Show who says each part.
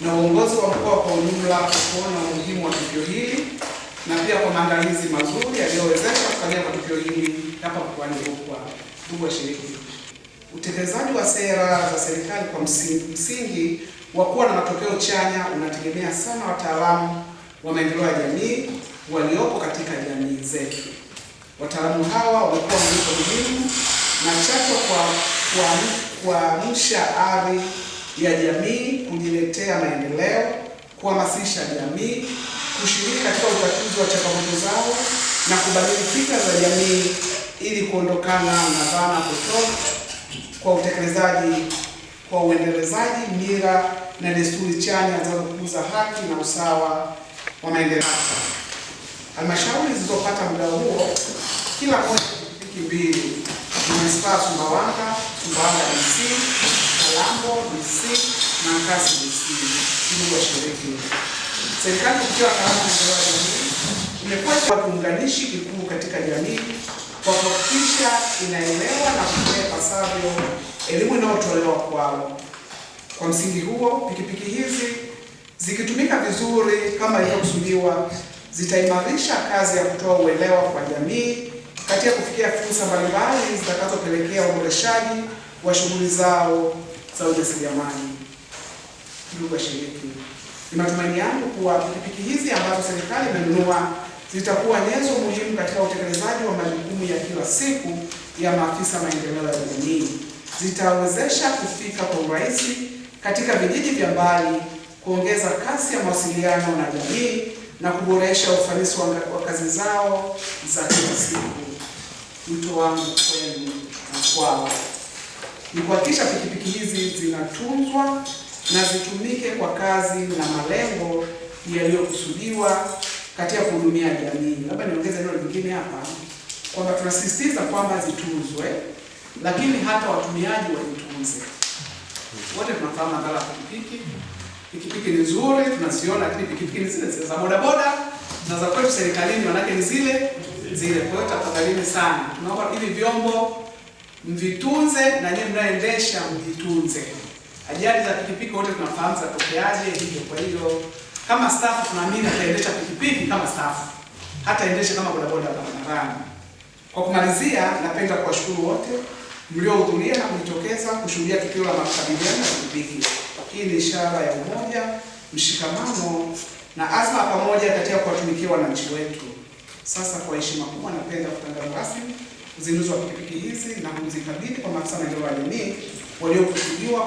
Speaker 1: na uongozi wa mkoa kwa ujumla kuona umuhimu wa tukio hili na pia kwa maandalizi mazuri yaliyowezesha kufanyia kwa tukio hili hapa mkoani Rukwa. Ndugu washiriki, utekelezaji wa sera za serikali kwa msingi, msingi wa kuwa na matokeo chanya unategemea sana wataalamu wa maendeleo ya jamii waliopo katika jamii zetu. Wataalamu hawa wamekuwa mliko muhimu na chachu kwa kuamsha ari ya jamii kujiletea maendeleo, kuhamasisha jamii kushiriki katika utatuzi wa changamoto zao na kubadili fikra za jamii ili kuondokana na dhana potofu kwa utekelezaji kwa uendelezaji mira na desturi chanya za kukuza haki na usawa wa maendeleo. Halmashauri zilizopata muda huo kila moja pikipiki mbili, Manispaa Sumbawanga, Sumbawanga DC Kalambo DC na Nkasi DC ili washiriki. Serikali kupitia Kalambo Maendeleo ya Jamii imekuwa kiunganishi kikuu katika jamii kwa kuhakikisha inaelewa na kutumia ipasavyo elimu inayotolewa kwao. Kwa msingi huo, pikipiki hizi zikitumika vizuri kama ilivyokusudiwa, zitaimarisha kazi ya kutoa uelewa kwa jamii katika kufikia fursa mbalimbali zitakazopelekea uboreshaji wa shughuli zao Sauda Selemani Luga Shiriki. Ni matumaini yangu kuwa pikipiki hizi ambazo serikali imenunua zitakuwa nyenzo muhimu katika utekelezaji wa majukumu ya kila siku ya maafisa maendeleo ya jamii. Zitawezesha kufika kwa urahisi katika vijiji vya mbali, kuongeza kasi ya mawasiliano na jamii na kuboresha ufanisi wa kazi zao za kila siku. Mtu wangu kwenu na kwao ni kuhakikisha pikipiki hizi zinatunzwa na zitumike kwa kazi na malengo yaliyokusudiwa katika kuhudumia jamii. Labda niongeze neno lingine hapa kwamba tunasisitiza kwamba zitunzwe, lakini hata watumiaji wajitunze. Wote tunafahamu madhara ya pikipiki. Pikipiki ni nzuri, tunaziona, lakini pikipiki ni zile za bodaboda na za kwetu serikalini, manake ni zile zile. Kwa hiyo tafadhalini sana, tunaomba hivi vyombo mvitunze na nyinyi mnaendesha mvitunze. Ajali za pikipiki wote tunafahamu zatokeaje, hivyo kwa hiyo kama staff tunaamini ataendesha pikipiki kama staff, hata endesha kama bodaboda barabarani. Kwa kumalizia, napenda kuwashukuru wote mliohudhuria na kujitokeza kushuhudia tukio la makabiliano ya pikipiki. Hii ni ishara ya umoja, mshikamano na azma pamoja katika kuwatumikia wananchi wetu. Sasa kwa heshima kubwa, napenda kutangaza rasmi uzinduzi wa pikipiki hizi na kuzikabidhi kwa maafisa maendeleo ya jamii waliokusudiwa.